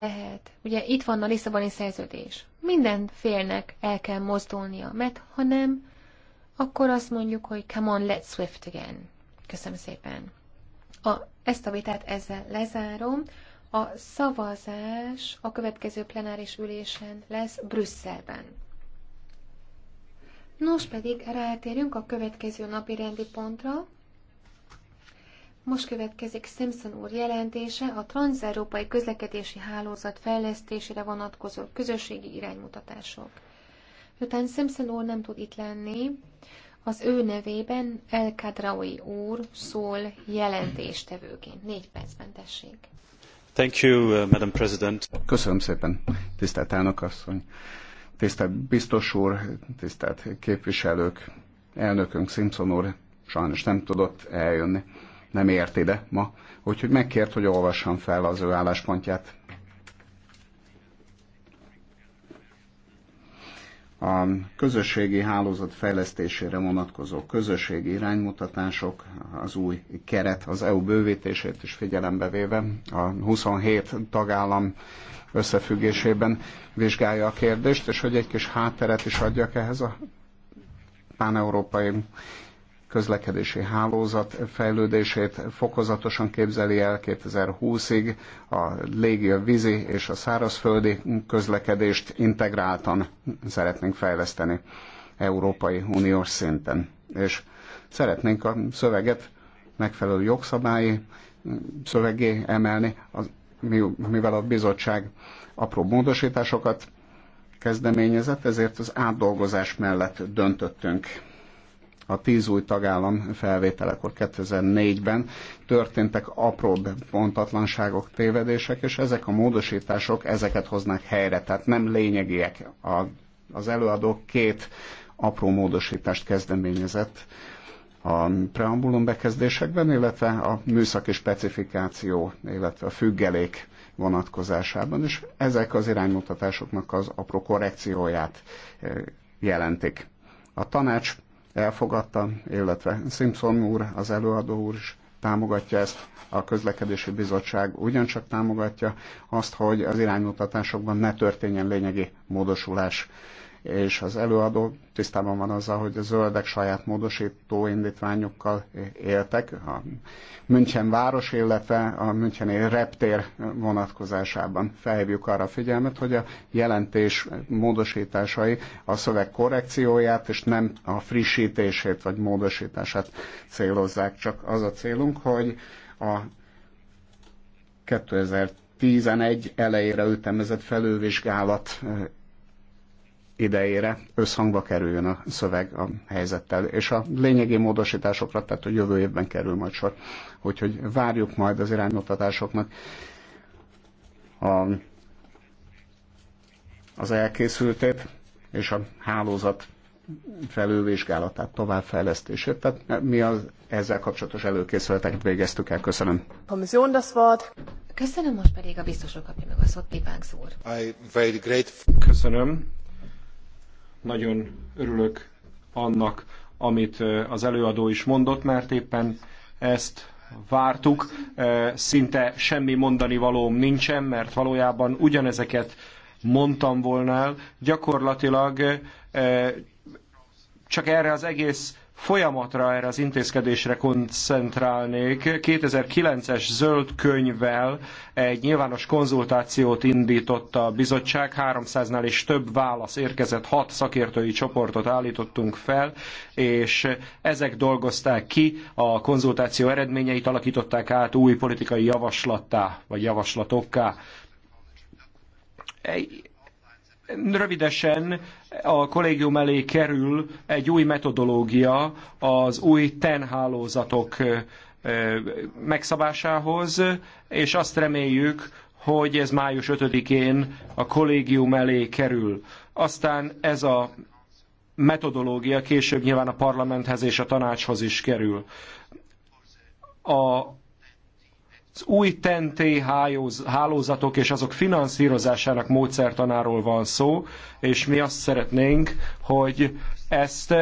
lehet. Ugye itt van a Lisszaboni szerződés. Minden félnek el kell mozdulnia, mert ha nem, akkor azt mondjuk, hogy come on, let's swift again. Köszönöm szépen. A, ezt a vitát ezzel lezárom. A szavazás a következő plenáris ülésen lesz Brüsszelben. Nos pedig rátérünk a következő napi rendi pontra, most következik Simpson úr jelentése a transzeurópai közlekedési hálózat fejlesztésére vonatkozó közösségi iránymutatások. Miután Simpson úr nem tud itt lenni, az ő nevében El Kadraui úr szól jelentéstevőként. Négy percben tessék. Thank you, uh, Madam President. Köszönöm szépen, tisztelt elnök asszony, tisztelt biztos úr, tisztelt képviselők, elnökünk Simpson úr sajnos nem tudott eljönni nem ért ide ma, úgyhogy megkért, hogy olvassam fel az ő álláspontját. A közösségi hálózat fejlesztésére vonatkozó közösségi iránymutatások, az új keret, az EU bővítését is figyelembe véve a 27 tagállam összefüggésében vizsgálja a kérdést, és hogy egy kis hátteret is adjak ehhez a pán-európai közlekedési hálózat fejlődését fokozatosan képzeli el 2020-ig, a légi, a vízi és a szárazföldi közlekedést integráltan szeretnénk fejleszteni Európai Uniós szinten. És szeretnénk a szöveget megfelelő jogszabályi szövegé emelni, mivel a bizottság apró módosításokat kezdeményezett, ezért az átdolgozás mellett döntöttünk. A tíz új tagállam felvételekor 2004-ben történtek apróbb pontatlanságok, tévedések, és ezek a módosítások ezeket hoznak helyre, tehát nem lényegiek. A, az előadó két apró módosítást kezdeményezett a preambulum bekezdésekben, illetve a műszaki specifikáció, illetve a függelék vonatkozásában, és ezek az iránymutatásoknak az apró korrekcióját eh, jelentik. A tanács elfogadta, illetve Simpson úr, az előadó úr is támogatja ezt, a közlekedési bizottság ugyancsak támogatja azt, hogy az iránymutatásokban ne történjen lényegi módosulás és az előadó tisztában van azzal, hogy a zöldek saját módosító indítványokkal éltek, a München város, illetve a Müncheni reptér vonatkozásában felhívjuk arra a figyelmet, hogy a jelentés módosításai a szöveg korrekcióját és nem a frissítését vagy módosítását célozzák, csak az a célunk, hogy a 2011 elejére ütemezett felővizsgálat idejére összhangba kerüljön a szöveg a helyzettel. És a lényegi módosításokra, tehát a jövő évben kerül majd sor. Úgyhogy várjuk majd az iránymutatásoknak a, az elkészültét és a hálózat felülvizsgálatát, továbbfejlesztését. Tehát mi az ezzel kapcsolatos előkészületeket végeztük el. Köszönöm. Kommission das Wort. Köszönöm, most pedig a biztosok kapja meg a szót, Pipánk úr. Köszönöm nagyon örülök annak, amit az előadó is mondott, mert éppen ezt vártuk. Szinte semmi mondani valóm nincsen, mert valójában ugyanezeket mondtam volna el. Gyakorlatilag csak erre az egész folyamatra, erre az intézkedésre koncentrálnék. 2009-es zöld könyvvel egy nyilvános konzultációt indított a bizottság, 300-nál is több válasz érkezett, hat szakértői csoportot állítottunk fel, és ezek dolgozták ki a konzultáció eredményeit, alakították át új politikai javaslattá, vagy javaslatokká Rövidesen a kollégium elé kerül egy új metodológia az új TEN hálózatok megszabásához, és azt reméljük, hogy ez május 5-én a kollégium elé kerül. Aztán ez a metodológia később nyilván a parlamenthez és a tanácshoz is kerül. A az új TNT hálózatok és azok finanszírozásának módszertanáról van szó, és mi azt szeretnénk, hogy ezt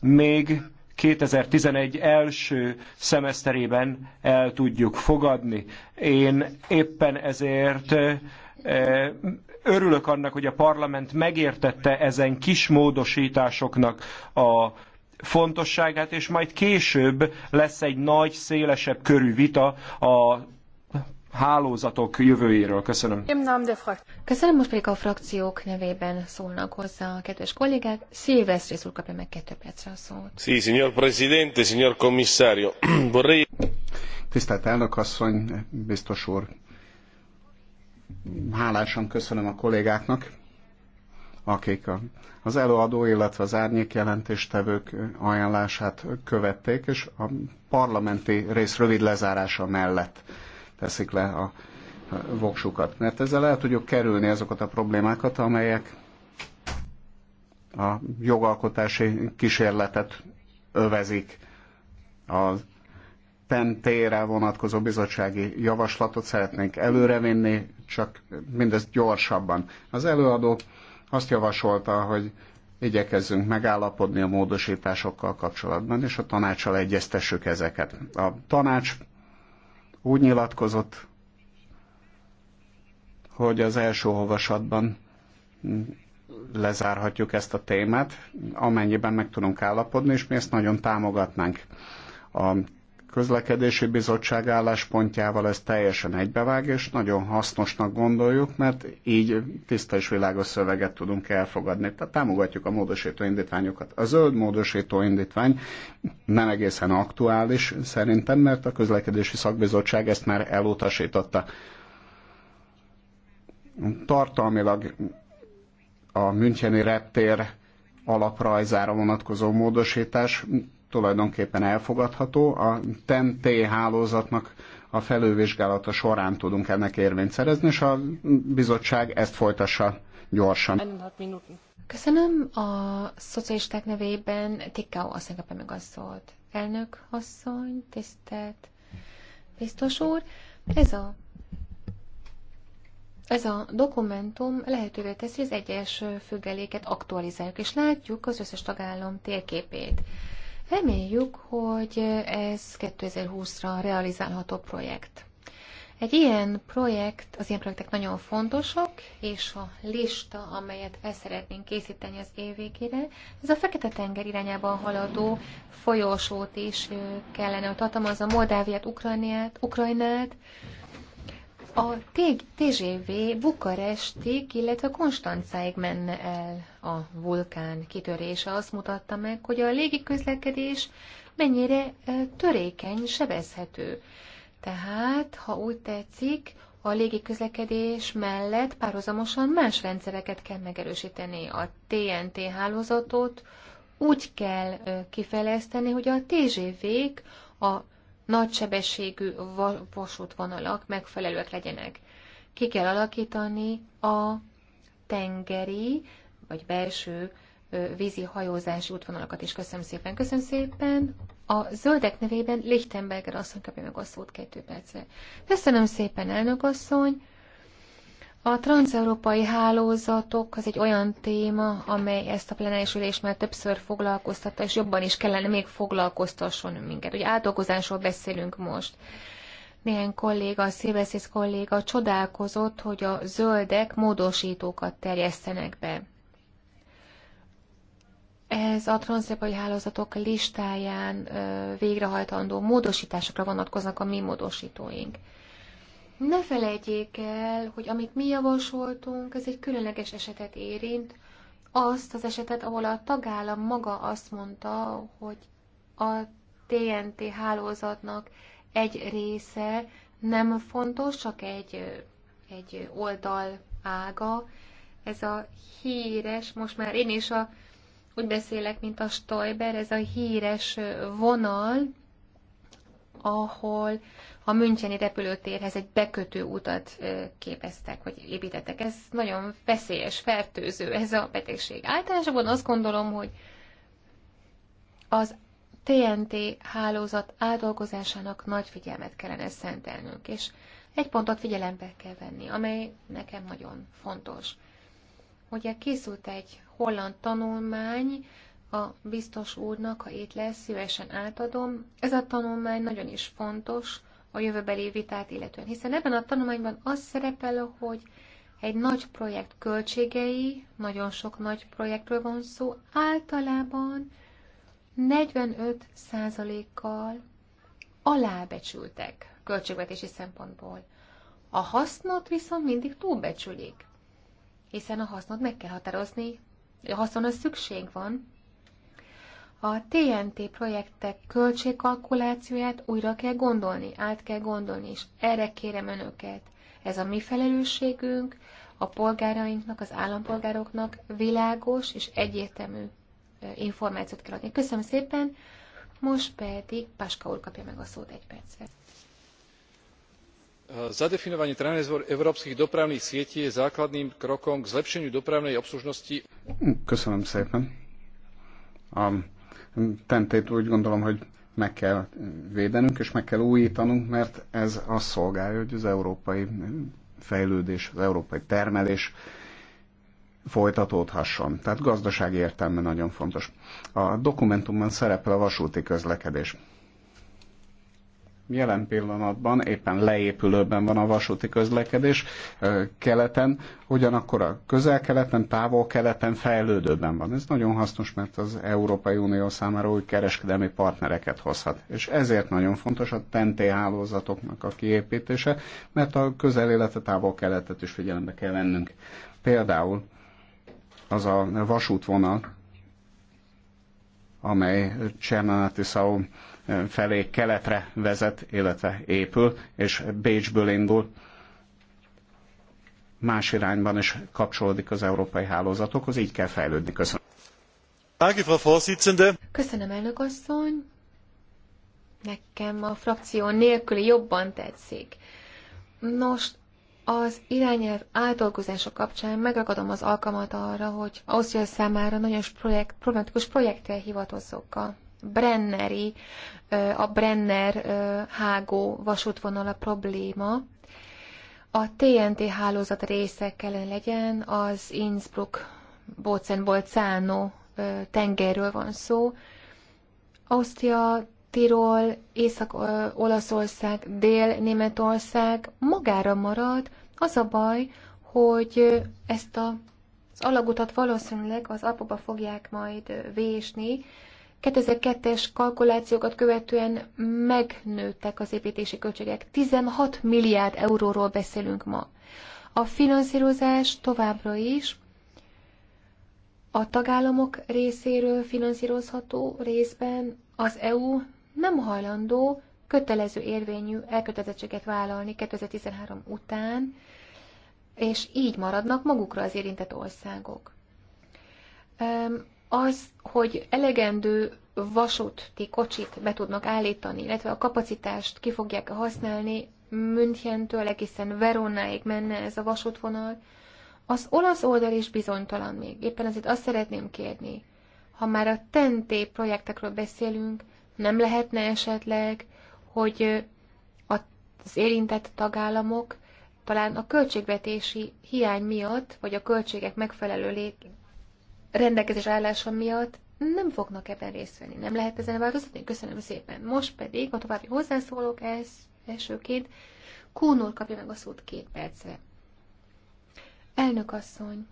még 2011 első szemeszterében el tudjuk fogadni. Én éppen ezért eh, örülök annak, hogy a parlament megértette ezen kis módosításoknak a fontosságát, és majd később lesz egy nagy, szélesebb körű vita a hálózatok jövőjéről. Köszönöm. Köszönöm, most pedig a frakciók nevében szólnak hozzá a kedves kollégák. Szilveszrész úr kapja meg kettő percre a szót. Sí, señor presidente, señor comisario. Vorrei... Tisztelt elnök asszony, biztos úr, hálásan köszönöm a kollégáknak, akik az előadó, illetve az árnyék jelentéstevők ajánlását követték, és a parlamenti rész rövid lezárása mellett teszik le a voksukat. Mert ezzel el tudjuk kerülni azokat a problémákat, amelyek a jogalkotási kísérletet övezik. A tentére vonatkozó bizottsági javaslatot szeretnénk előrevinni, csak mindezt gyorsabban. Az előadó azt javasolta, hogy igyekezzünk megállapodni a módosításokkal kapcsolatban, és a tanácsal egyeztessük ezeket. A tanács úgy nyilatkozott, hogy az első olvasatban lezárhatjuk ezt a témát, amennyiben meg tudunk állapodni, és mi ezt nagyon támogatnánk. A közlekedési bizottság álláspontjával ez teljesen egybevág, és nagyon hasznosnak gondoljuk, mert így tiszta és világos szöveget tudunk elfogadni. Tehát támogatjuk a módosító indítványokat. A zöld módosító indítvány nem egészen aktuális szerintem, mert a közlekedési szakbizottság ezt már elutasította. Tartalmilag a Müncheni reptér alaprajzára vonatkozó módosítás tulajdonképpen elfogadható. A TEN-T e hálózatnak a felővizsgálata során tudunk ennek érvényt szerezni, és a bizottság ezt folytassa gyorsan. Köszönöm a szocialisták nevében Tikkao asszony kapja meg a Elnök asszony, tisztelt biztos úr, ez a ez a dokumentum lehetővé teszi, hogy az egyes függeléket aktualizáljuk, és látjuk az összes tagállam térképét. Reméljük, hogy ez 2020-ra realizálható projekt. Egy ilyen projekt, az ilyen projektek nagyon fontosak, és a lista, amelyet el szeretnénk készíteni az év végére, ez a Fekete-tenger irányában haladó folyosót is kellene, hogy tartalmazza Moldáviát, Ukrajnát, Ukrajnát a TGV Bukarestig, illetve Konstancáig menne el a vulkán kitörése. Azt mutatta meg, hogy a légiközlekedés mennyire e, törékeny, sebezhető. Tehát, ha úgy tetszik, a légiközlekedés mellett párhuzamosan más rendszereket kell megerősíteni. A TNT hálózatot úgy kell e, kifejleszteni, hogy a TGV-k a nagysebességű vasútvonalak megfelelőek legyenek. Ki kell alakítani a tengeri vagy belső vízi hajózási útvonalakat is. Köszönöm szépen. Köszönöm szépen. A zöldek nevében Lichtenberger asszony kapja meg a szót kettő percre. Köszönöm szépen, elnök asszony. A transeurópai hálózatok az egy olyan téma, amely ezt a plenáris ülést már többször foglalkoztatta, és jobban is kellene még foglalkoztasson minket. Ugye átdolgozásról beszélünk most. Néhány kolléga, a Szilveszész kolléga csodálkozott, hogy a zöldek módosítókat terjesztenek be. Ez a transzrepai hálózatok listáján végrehajtandó módosításokra vonatkoznak a mi módosítóink. Ne felejtjék el, hogy amit mi javasoltunk, ez egy különleges esetet érint, azt az esetet, ahol a tagállam maga azt mondta, hogy a TNT hálózatnak egy része nem fontos, csak egy, egy oldal ága. Ez a híres, most már én is a, úgy beszélek, mint a Stoiber, ez a híres vonal, ahol a Müncheni repülőtérhez egy bekötő utat képeztek, vagy építettek. Ez nagyon veszélyes, fertőző ez a betegség. Általában azt gondolom, hogy az TNT hálózat átdolgozásának nagy figyelmet kellene szentelnünk, és egy pontot figyelembe kell venni, amely nekem nagyon fontos. Ugye készült egy holland tanulmány, a biztos úrnak, ha itt lesz, szívesen átadom. Ez a tanulmány nagyon is fontos a jövőbeli vitát illetően, hiszen ebben a tanulmányban az szerepel, hogy egy nagy projekt költségei, nagyon sok nagy projektről van szó, általában 45%-kal alábecsültek költségvetési szempontból. A hasznot viszont mindig túlbecsülik, hiszen a hasznot meg kell határozni, a haszonra szükség van, a TNT projektek költségkalkulációját újra kell gondolni, át kell gondolni, és erre kérem önöket. Ez a mi felelősségünk, a polgárainknak, az állampolgároknak világos és egyértelmű információt kell adni. Köszönöm szépen, most pedig Páska úr kapja meg a szót egy percre. Zadefinovanie európskych dopravných sietí je základným krokom k zlepšeniu dopravnej obslužnosti. Köszönöm szépen. Um, tentét úgy gondolom, hogy meg kell védenünk és meg kell újítanunk, mert ez azt szolgálja, hogy az európai fejlődés, az európai termelés folytatódhasson. Tehát gazdasági értelme nagyon fontos. A dokumentumban szerepel a vasúti közlekedés jelen pillanatban éppen leépülőben van a vasúti közlekedés keleten, ugyanakkor a közel-keleten, távol-keleten fejlődőben van. Ez nagyon hasznos, mert az Európai Unió számára új kereskedelmi partnereket hozhat. És ezért nagyon fontos a TNT hálózatoknak a kiépítése, mert a közel, illetve távol-keletet is figyelembe kell vennünk. Például az a vasútvonal, amely Szaú felé keletre vezet, illetve épül, és Bécsből indul. Más irányban is kapcsolódik az európai hálózatokhoz, így kell fejlődni. Köszönöm. Köszönöm, elnök asszony. Nekem a frakció nélküli jobban tetszik. Nos, az irányelv átolgozása kapcsán megragadom az alkalmat arra, hogy Ausztria számára nagyon projekt, problematikus projektre hivatozzok a Brenneri, a Brenner-hágó vasútvonala a probléma. A TNT hálózat része kellene legyen, az Innsbruck, Bocenból, Cánó tengerről van szó. Ausztria, Tirol, Észak-Olaszország, Dél-Németország magára marad. Az a baj, hogy ezt a, az alagutat valószínűleg az apuba fogják majd vésni, 2002-es kalkulációkat követően megnőttek az építési költségek. 16 milliárd euróról beszélünk ma. A finanszírozás továbbra is a tagállamok részéről finanszírozható részben az EU nem hajlandó kötelező érvényű elkötelezettséget vállalni 2013 után, és így maradnak magukra az érintett országok az, hogy elegendő vasúti kocsit be tudnak állítani, illetve a kapacitást ki fogják használni, Münchentől egészen Veronáig menne ez a vasútvonal, az olasz oldal is bizonytalan még. Éppen azért azt szeretném kérni, ha már a TNT projektekről beszélünk, nem lehetne esetleg, hogy az érintett tagállamok talán a költségvetési hiány miatt, vagy a költségek megfelelő rendelkezés állása miatt nem fognak ebben részt venni. Nem lehet ezen változtatni? Köszönöm szépen. Most pedig a további hozzászólók ez elsőként. Kúnor kapja meg a szót két percre. Elnök asszony,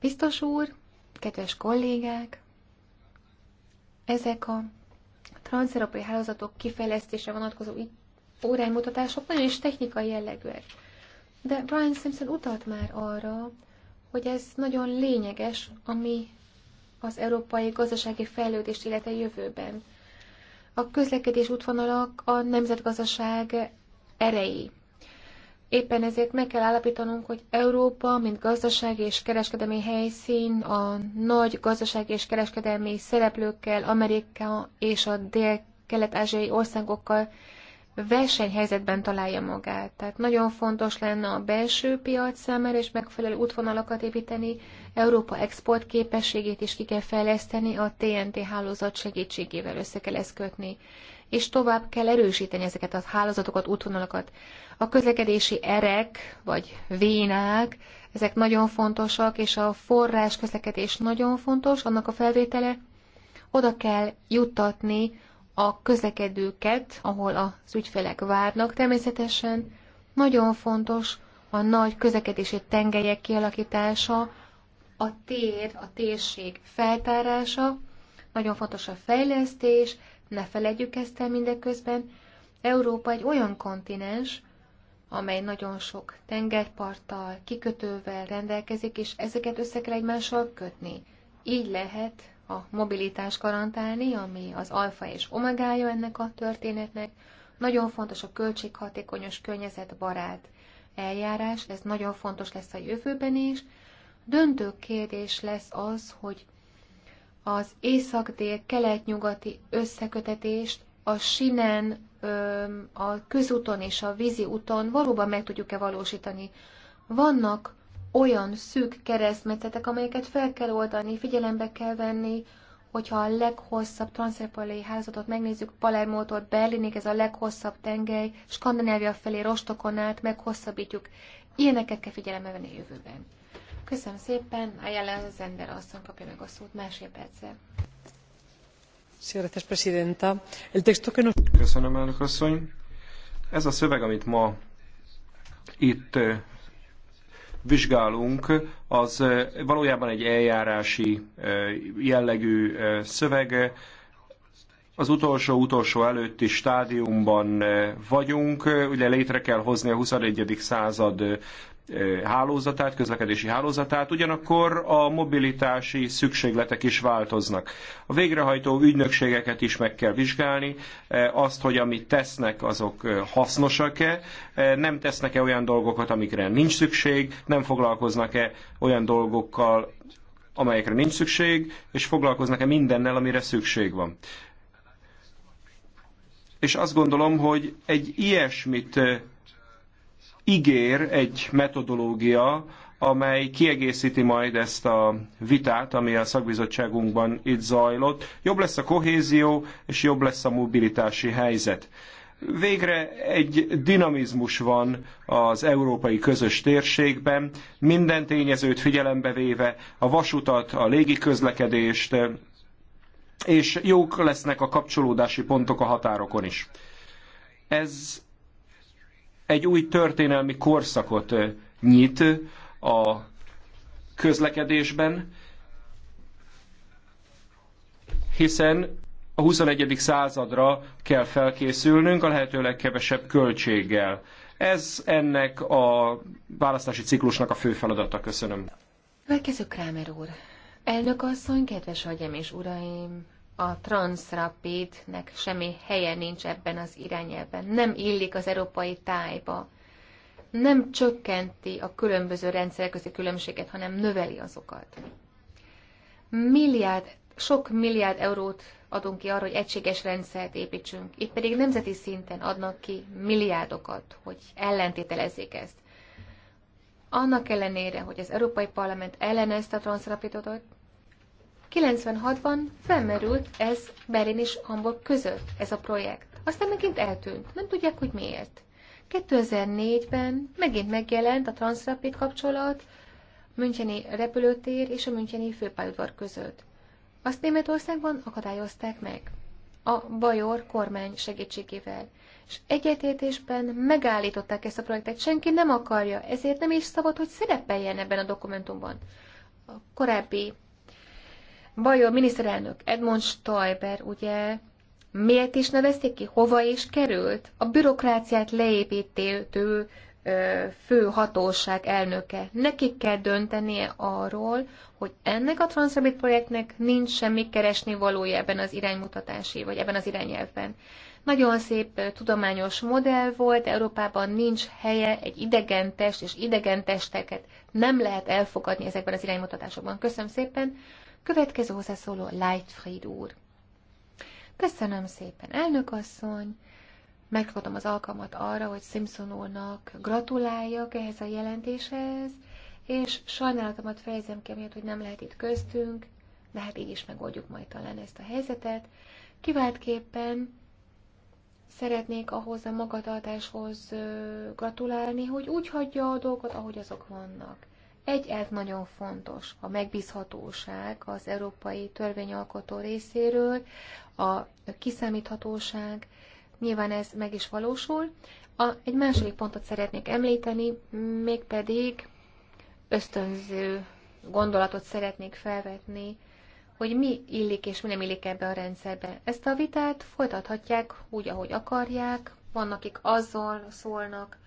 biztos úr, kedves kollégák, ezek a transzeurópai hálózatok kifejlesztése vonatkozó óránymutatások nagyon is technikai jellegűek. De Brian Simpson utalt már arra, hogy ez nagyon lényeges, ami az európai gazdasági fejlődés, illetve jövőben. A közlekedés útvonalak a nemzetgazdaság erei. Éppen ezért meg kell állapítanunk, hogy Európa, mint gazdasági és kereskedelmi helyszín, a nagy gazdasági és kereskedelmi szereplőkkel, Amerika és a dél-kelet-ázsiai országokkal versenyhelyzetben találja magát. Tehát nagyon fontos lenne a belső piac számára és megfelelő útvonalakat építeni, Európa export képességét is ki kell fejleszteni, a TNT hálózat segítségével össze kell ezt kötni és tovább kell erősíteni ezeket a hálózatokat, útvonalakat. A közlekedési erek, vagy vénák, ezek nagyon fontosak, és a forrás közlekedés nagyon fontos, annak a felvétele, oda kell juttatni a közlekedőket, ahol az ügyfelek várnak természetesen. Nagyon fontos a nagy közlekedési tengelyek kialakítása, a tér, a térség feltárása, nagyon fontos a fejlesztés, ne felejtjük ezt el mindeközben. Európa egy olyan kontinens, amely nagyon sok tengerparttal, kikötővel rendelkezik, és ezeket össze kell egymással kötni. Így lehet a mobilitás garantálni, ami az alfa és omegája ennek a történetnek. Nagyon fontos a költséghatékonyos környezetbarát eljárás, ez nagyon fontos lesz a jövőben is. Döntő kérdés lesz az, hogy az észak-dél-kelet-nyugati összekötetést a sinen, a közúton és a vízi úton valóban meg tudjuk-e valósítani. Vannak olyan szűk keresztmetszetek, amelyeket fel kell oldani, figyelembe kell venni, hogyha a leghosszabb transzepolei házatot megnézzük, Palermótól Berlinig, ez a leghosszabb tengely, Skandinávia felé Rostokon át meghosszabbítjuk. Ilyeneket kell figyelembe venni jövőben. Köszönöm szépen, a jelen az ember asszony kapja meg a szót másfél perccel. Köszönöm, elnök asszony. Ez a szöveg, amit ma itt eh, vizsgálunk, az eh, valójában egy eljárási eh, jellegű eh, szöveg, az utolsó-utolsó előtti stádiumban eh, vagyunk, eh, ugye létre kell hozni a 21. század eh, hálózatát, közlekedési hálózatát, ugyanakkor a mobilitási szükségletek is változnak. A végrehajtó ügynökségeket is meg kell vizsgálni, azt, hogy amit tesznek, azok hasznosak-e, nem tesznek-e olyan dolgokat, amikre nincs szükség, nem foglalkoznak-e olyan dolgokkal, amelyekre nincs szükség, és foglalkoznak-e mindennel, amire szükség van és azt gondolom, hogy egy ilyesmit ígér egy metodológia, amely kiegészíti majd ezt a vitát, ami a szakbizottságunkban itt zajlott. Jobb lesz a kohézió, és jobb lesz a mobilitási helyzet. Végre egy dinamizmus van az európai közös térségben, minden tényezőt figyelembe véve, a vasutat, a légiközlekedést, és jók lesznek a kapcsolódási pontok a határokon is. Ez egy új történelmi korszakot nyit a közlekedésben, hiszen a 21. századra kell felkészülnünk a lehető legkevesebb költséggel. Ez ennek a választási ciklusnak a fő feladata. Köszönöm. Következő Krámer úr. Elnök asszony, kedves agyem és uraim, a transrapidnek semmi helye nincs ebben az irányelben. Nem illik az európai tájba. Nem csökkenti a különböző rendszerek közti különbséget, hanem növeli azokat. Milliárd, sok milliárd eurót adunk ki arra, hogy egységes rendszert építsünk. Itt pedig nemzeti szinten adnak ki milliárdokat, hogy ellentételezzék ezt. Annak ellenére, hogy az Európai Parlament ellenezte a transzrapidot, 96-ban felmerült ez Berlin és Hamburg között, ez a projekt. Aztán megint eltűnt, nem tudják, hogy miért. 2004-ben megint megjelent a transzrapid kapcsolat Müncheni repülőtér és a Müncheni főpályaudvar között. Azt Németországban akadályozták meg a Bajor kormány segítségével. És egyetértésben megállították ezt a projektet, senki nem akarja, ezért nem is szabad, hogy szerepeljen ebben a dokumentumban. A korábbi Vajon miniszterelnök Edmond Stoiber, ugye, miért is nevezték ki, hova is került? A bürokráciát leépítő fő hatóság elnöke. Nekik kell döntenie arról, hogy ennek a Transrabit projektnek nincs semmi keresni valója ebben az iránymutatási, vagy ebben az irányelvben. Nagyon szép tudományos modell volt, Európában nincs helye egy idegen test és idegen testeket nem lehet elfogadni ezekben az iránymutatásokban. Köszönöm szépen! Következő hozzászóló Lightfried úr. Köszönöm szépen, elnök asszony! Megragadom az alkalmat arra, hogy Simpson úrnak gratuláljak ehhez a jelentéshez, és sajnálatomat fejezem ki, miatt, hogy nem lehet itt köztünk, de hát így is megoldjuk majd talán ezt a helyzetet. Kiváltképpen szeretnék ahhoz a magatartáshoz gratulálni, hogy úgy hagyja a dolgot, ahogy azok vannak. Egy elv nagyon fontos, a megbízhatóság az európai törvényalkotó részéről, a kiszámíthatóság, nyilván ez meg is valósul. A, egy második pontot szeretnék említeni, mégpedig ösztönző gondolatot szeretnék felvetni, hogy mi illik és mi nem illik ebbe a rendszerbe. Ezt a vitát folytathatják úgy, ahogy akarják. Vannak, akik azzal szólnak,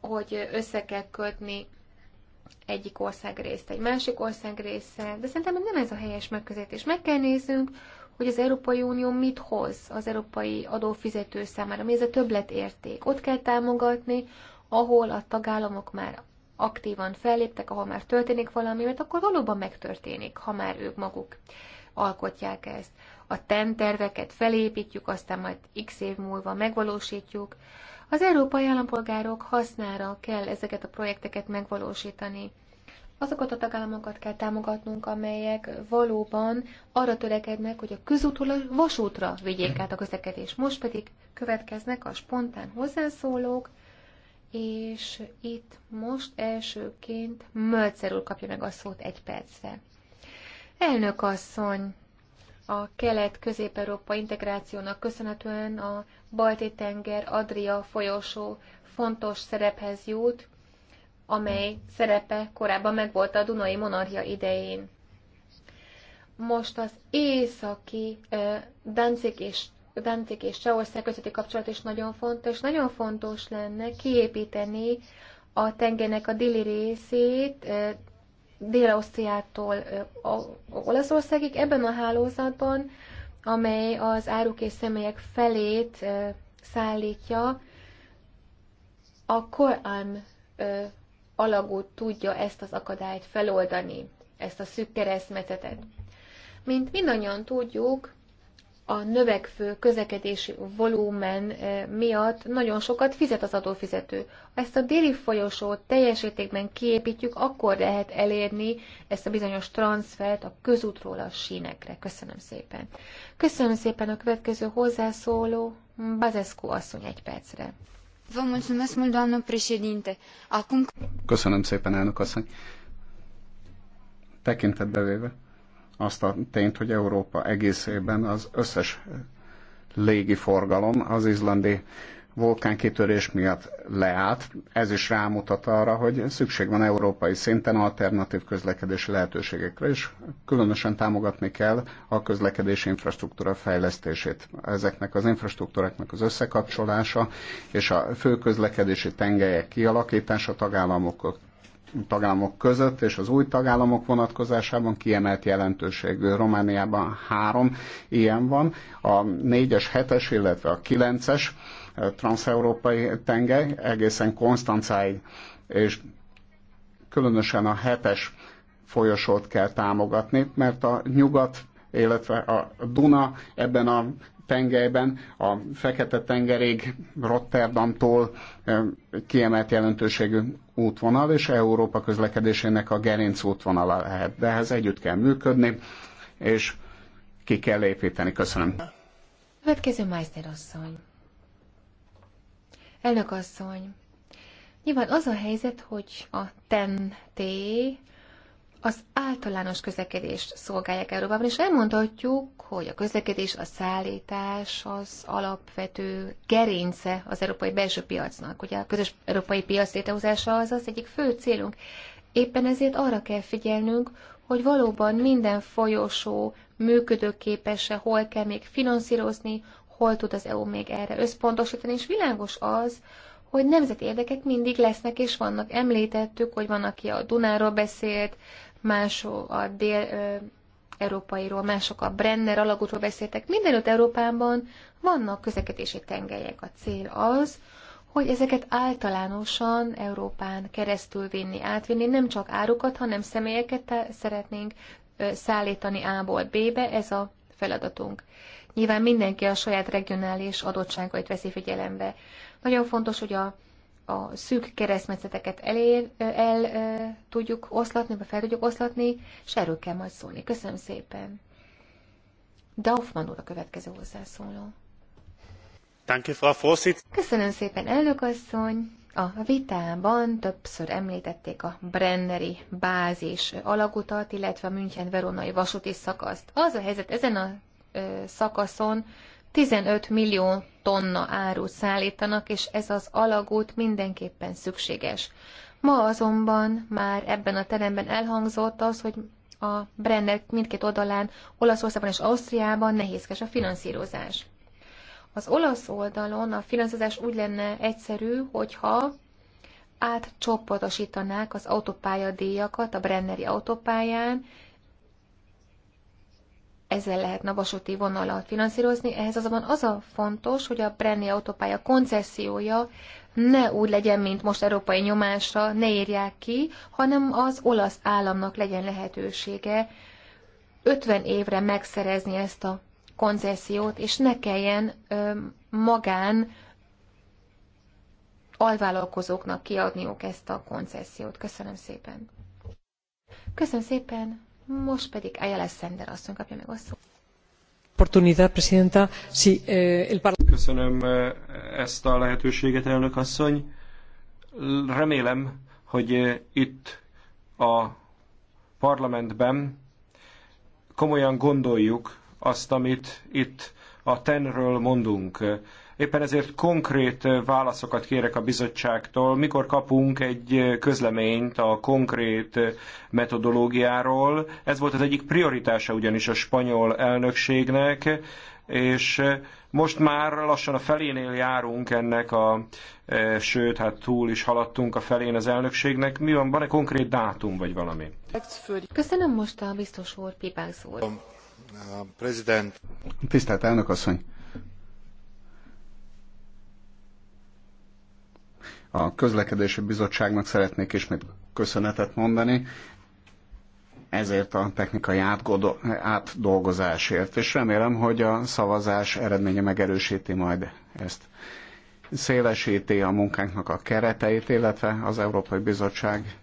hogy össze kell kötni egyik ország részt egy másik ország része, de szerintem nem ez a helyes megközelítés. Meg kell néznünk, hogy az Európai Unió mit hoz az európai adófizető számára, mi ez a többletérték. Ott kell támogatni, ahol a tagállamok már aktívan felléptek, ahol már történik valami, mert akkor valóban megtörténik, ha már ők maguk alkotják ezt a terveket felépítjük, aztán majd x év múlva megvalósítjuk. Az európai állampolgárok hasznára kell ezeket a projekteket megvalósítani. Azokat a tagállamokat kell támogatnunk, amelyek valóban arra törekednek, hogy a közútról a vasútra vigyék át a közlekedés. Most pedig következnek a spontán hozzászólók, és itt most elsőként Mölcer úr kapja meg a szót egy percre. Elnök asszony, a kelet-közép-európa integrációnak köszönhetően a Balti-tenger Adria folyosó fontos szerephez jut, amely szerepe korábban megvolt a Dunai Monarchia idején. Most az északi Danzig és Danzig és Csehország közötti kapcsolat is nagyon fontos. Nagyon fontos lenne kiépíteni a tengernek a déli részét, Dél-Ausztriától Olaszországig ebben a hálózatban, amely az áruk és személyek felét szállítja, a Korán alagút tudja ezt az akadályt feloldani, ezt a szűk keresztmetszetet. Mint mindannyian tudjuk, a növekvő közlekedési volumen eh, miatt nagyon sokat fizet az adófizető. Ha ezt a déli folyosót teljes értékben kiépítjük, akkor lehet elérni ezt a bizonyos transfert a közútról a sínekre. Köszönöm szépen. Köszönöm szépen a következő hozzászóló, Bazescu asszony egy percre. Köszönöm szépen, elnök asszony. Tekintetbe véve, azt a tényt, hogy Európa egészében az összes légiforgalom az izlandi vulkánkitörés miatt leállt. Ez is rámutat arra, hogy szükség van európai szinten alternatív közlekedési lehetőségekre, és különösen támogatni kell a közlekedési infrastruktúra fejlesztését. Ezeknek az infrastruktúráknak az összekapcsolása és a fő közlekedési tengelyek kialakítása tagállamok tagállamok között és az új tagállamok vonatkozásában kiemelt jelentőségű. Romániában három ilyen van, a négyes, hetes illetve a kilences eh, transeurópai tengely egészen Konstancáig, és különösen a hetes folyosót kell támogatni, mert a nyugat illetve a Duna ebben a tengelyben, a Fekete-tengerig, Rotterdamtól kiemelt jelentőségű útvonal, és Európa közlekedésének a gerinc útvonala lehet. De ehhez együtt kell működni, és ki kell építeni. Köszönöm. Következő Meissner asszony. Elnök asszony, nyilván az a helyzet, hogy a TEN-T az általános közlekedést szolgálják Európában, és elmondhatjuk, hogy a közlekedés, a szállítás az alapvető gerince az európai belső piacnak. Ugye a közös európai piac létrehozása az az egyik fő célunk. Éppen ezért arra kell figyelnünk, hogy valóban minden folyosó működőképes-e, hol kell még finanszírozni, hol tud az EU még erre összpontosítani, és világos az, hogy nemzeti érdekek mindig lesznek és vannak. Említettük, hogy van, aki a Dunáról beszélt, mások a dél-európairól, mások a Brenner alagútról beszéltek. Mindenütt Európában vannak közlekedési tengelyek. A cél az, hogy ezeket általánosan Európán keresztül vinni, átvinni, nem csak árukat, hanem személyeket szeretnénk szállítani A-ból B-be, ez a feladatunk. Nyilván mindenki a saját regionális adottságait veszi figyelembe. Nagyon fontos, hogy a a szűk keresztmetszeteket el, el el tudjuk oszlatni, vagy fel tudjuk oszlatni, és erről kell majd szólni. Köszönöm szépen. Daufman úr a következő hozzászóló. Danke, Frau Köszönöm szépen, elnök asszony. A vitában többször említették a Brenneri bázis alagutat, illetve a München-Veronai vasúti szakaszt. Az a helyzet ezen a szakaszon 15 millió tonna áru szállítanak, és ez az alagút mindenképpen szükséges. Ma azonban már ebben a teremben elhangzott az, hogy a Brenner mindkét oldalán, Olaszországban és Ausztriában nehézkes a finanszírozás. Az olasz oldalon a finanszírozás úgy lenne egyszerű, hogyha átcsoportosítanák az díjakat a Brenneri autópályán, ezzel lehet a vasúti vonalat finanszírozni, ehhez azonban az a fontos, hogy a Brenni autópálya koncesziója ne úgy legyen, mint most európai nyomásra, ne írják ki, hanem az olasz államnak legyen lehetősége 50 évre megszerezni ezt a koncesziót, és ne kelljen ö, magán alvállalkozóknak kiadniuk ezt a koncesziót. Köszönöm szépen. Köszönöm szépen, most pedig Ayala Sender asszony kapja meg a szót. Oportunidad, presidenta. Sí, eh, el Köszönöm eh, ezt a lehetőséget, elnök asszony. Remélem, hogy eh, itt a parlamentben komolyan gondoljuk azt, amit itt a tenről mondunk Éppen ezért konkrét válaszokat kérek a bizottságtól, mikor kapunk egy közleményt a konkrét metodológiáról. Ez volt az egyik prioritása ugyanis a spanyol elnökségnek, és most már lassan a felénél járunk ennek a, sőt, hát túl is haladtunk a felén az elnökségnek. Mi van, van-e konkrét dátum, vagy valami? Köszönöm most a biztos úr, Pipák úr. President. Tisztelt elnök asszony! A közlekedési bizottságnak szeretnék ismét köszönetet mondani ezért a technikai átdolgozásért, és remélem, hogy a szavazás eredménye megerősíti majd ezt. Szélesíti a munkánknak a kereteit, illetve az Európai Bizottság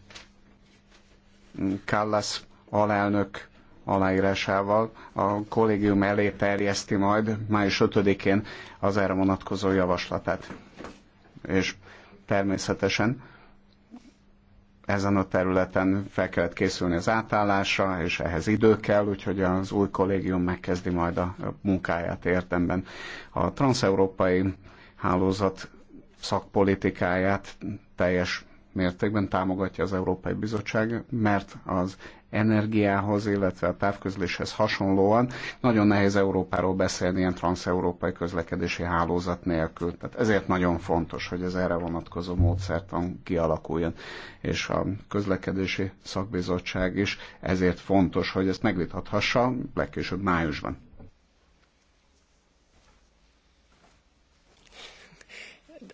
Kallas alelnök aláírásával a kollégium elé terjeszti majd május 5-én az erre vonatkozó javaslatát. És természetesen ezen a területen fel kellett készülni az átállásra, és ehhez idő kell, úgyhogy az új kollégium megkezdi majd a munkáját értemben. A transeurópai hálózat szakpolitikáját teljes mértékben támogatja az Európai Bizottság, mert az energiához, illetve a távközléshez hasonlóan nagyon nehéz Európáról beszélni ilyen transeurópai közlekedési hálózat nélkül. Tehát ezért nagyon fontos, hogy az erre vonatkozó módszertan kialakuljon, és a közlekedési szakbizottság is ezért fontos, hogy ezt megvitathassa legkésőbb májusban.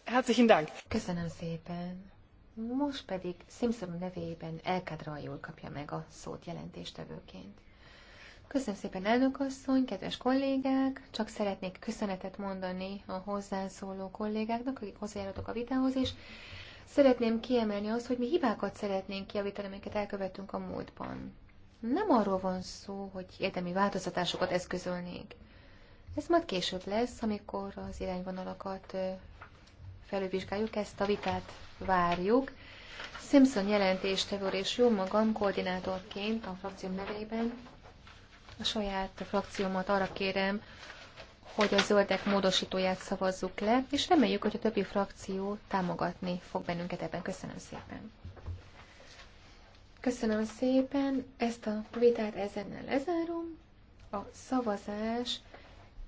Herzlichen Dank. Köszönöm szépen. Most pedig Simpson nevében Elkadrajul kapja meg a szót jelentéstevőként. Köszönöm szépen, elnök asszony, kedves kollégák! Csak szeretnék köszönetet mondani a hozzászóló kollégáknak, akik hozzájárultak a vitához, és szeretném kiemelni azt, hogy mi hibákat szeretnénk kiavítani, amiket elkövettünk a múltban. Nem arról van szó, hogy érdemi változtatásokat eszközölnénk. Ez majd később lesz, amikor az irányvonalakat felülvizsgáljuk, ezt a vitát várjuk. Simpson jelentéstevőr és jó magam koordinátorként a frakcióm nevében a saját frakciómat arra kérem, hogy a zöldek módosítóját szavazzuk le, és reméljük, hogy a többi frakció támogatni fog bennünket ebben. Köszönöm szépen! Köszönöm szépen, ezt a vitát ezennel lezárom. A szavazás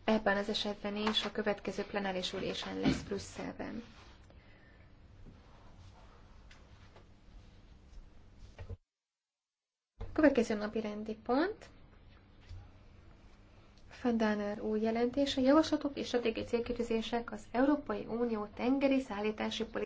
ebben az esetben is a következő plenáris ülésen lesz Brüsszelben. Következő napi rendi pont. Fandáner új jelentése, javaslatok és stratégiai célkitűzések az Európai Unió tengeri szállítási politikai